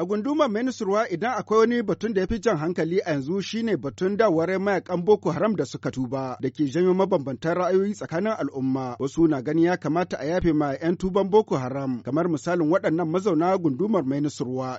A gundumar Minisurwa idan akwai wani batun da ya fi jan hankali a yanzu shine batun dawar mayakan Boko Haram da suka tuba da ke janyo mabambantan ra'ayoyi tsakanin al'umma. Wasu na gani ya kamata a yafe ma 'yan tuban Boko Haram kamar misalin waɗannan mazauna gundumar Minisurwa.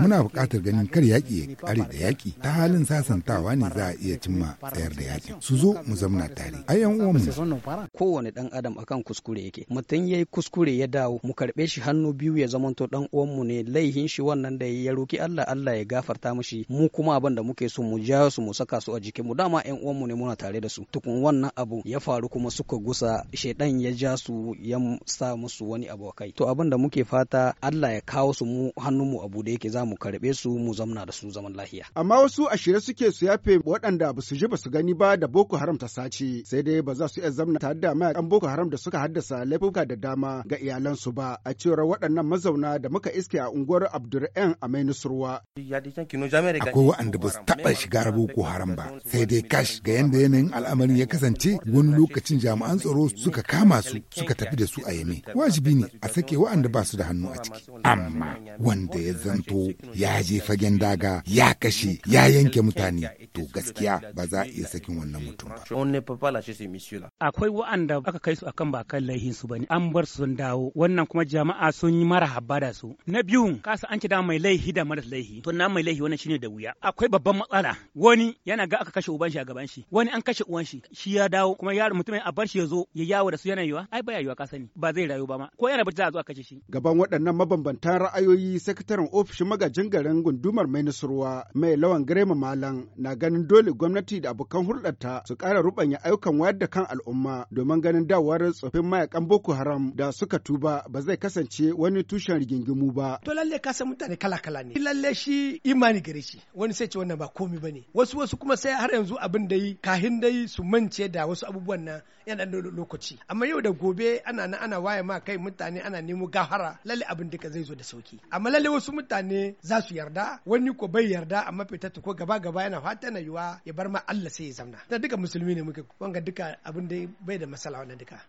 Muna buƙatar ganin kar yaƙi ya ƙare da yaƙi ta halin sasantawa ne za a iya cimma tsayar da yaƙi. Su zo mu zauna tare. A yan uwanmu. Kowane ɗan adam akan kuskure yake. Mutum ya yi kuskure ya dawo mu karɓe shi hannu biyu ya zamanto ɗan uwanmu ne laihin shi wannan nan da ya roki Allah Allah ya gafarta mishi mu kuma abin da muke so mu ja su mu saka su a jikin mu dama ƴan uwan mu ne muna tare da su tukun wannan abu ya faru kuma suka gusa shedan ya ja su ya sa musu wani abu kai to abin da muke fata Allah ya kawo su mu hannun mu abu da yake za mu karbe su mu zamna da su zaman lahiya amma wasu a suke su yafe waɗanda ba su ji ba su gani ba da Boko Haram ta sace sai dai ba za su iya zamna tare da mayakan Boko Haram da suka haddasa laifuka da dama ga iyalansu ba a cewar waɗannan mazauna da muka iske a unguwar abdur 'yan amai nusurwa. ko waɗanda ba su taɓa shiga boko ko haram ba, sai dai kash ga yadda yanayin al'amarin ya kasance wani lokacin jami'an tsaro suka kama su suka tafi da su a yame. Wajibi ne a sake waɗanda ba su da hannu a ciki. Amma wanda ya zanto ya je fagen daga ya kashe ya yanke mutane to gaskiya ba za a iya sakin wannan mutum ba. Akwai wa'anda aka kai su akan ba kan laihin su ne. an bar su sun dawo wannan kuma jama'a sun yi mara haba da su. Na biyun kasa an ci dama mai laihi da maras laihi to na mai laihi wannan shine da wuya akwai babban matsala wani yana ga aka kashe uban shi a gaban shi wani an kashe uwan shi shi ya dawo kuma yaro mutum a bar shi ya zo ya yawo da su yana yiwa ai baya yiwa ka sani ba zai rayu ba ma ko yana bata a zo kashe shi gaban waɗannan mabambantan ra'ayoyi sakataren ofishin magajin garin gundumar mai nasarwa mai lawan grema malam na ganin dole gwamnati da abokan hulɗarta su ƙara rubanya ayyukan wayar da kan al'umma domin ganin dawowar tsofin mayakan boko haram da suka tuba ba zai kasance wani tushen rigingimu ba to lalle ka san mutane kala-kala ne lalle shi imani gare shi wani sai ce wannan ba komi ba ne wasu wasu kuma sai har yanzu abin da yi kahin dai su mance da wasu abubuwan nan yana da lokaci amma yau da gobe ana na ana waye ma kai mutane ana nemo gahara lalle abin duka zai zo da sauki amma lalle wasu mutane za su yarda wani ko bai yarda amma ta ko gaba gaba yana fata na yiwa ya bar ma Allah sai ya zamna da duka musulmi ne muke wanga duka abin da bai da masala wannan duka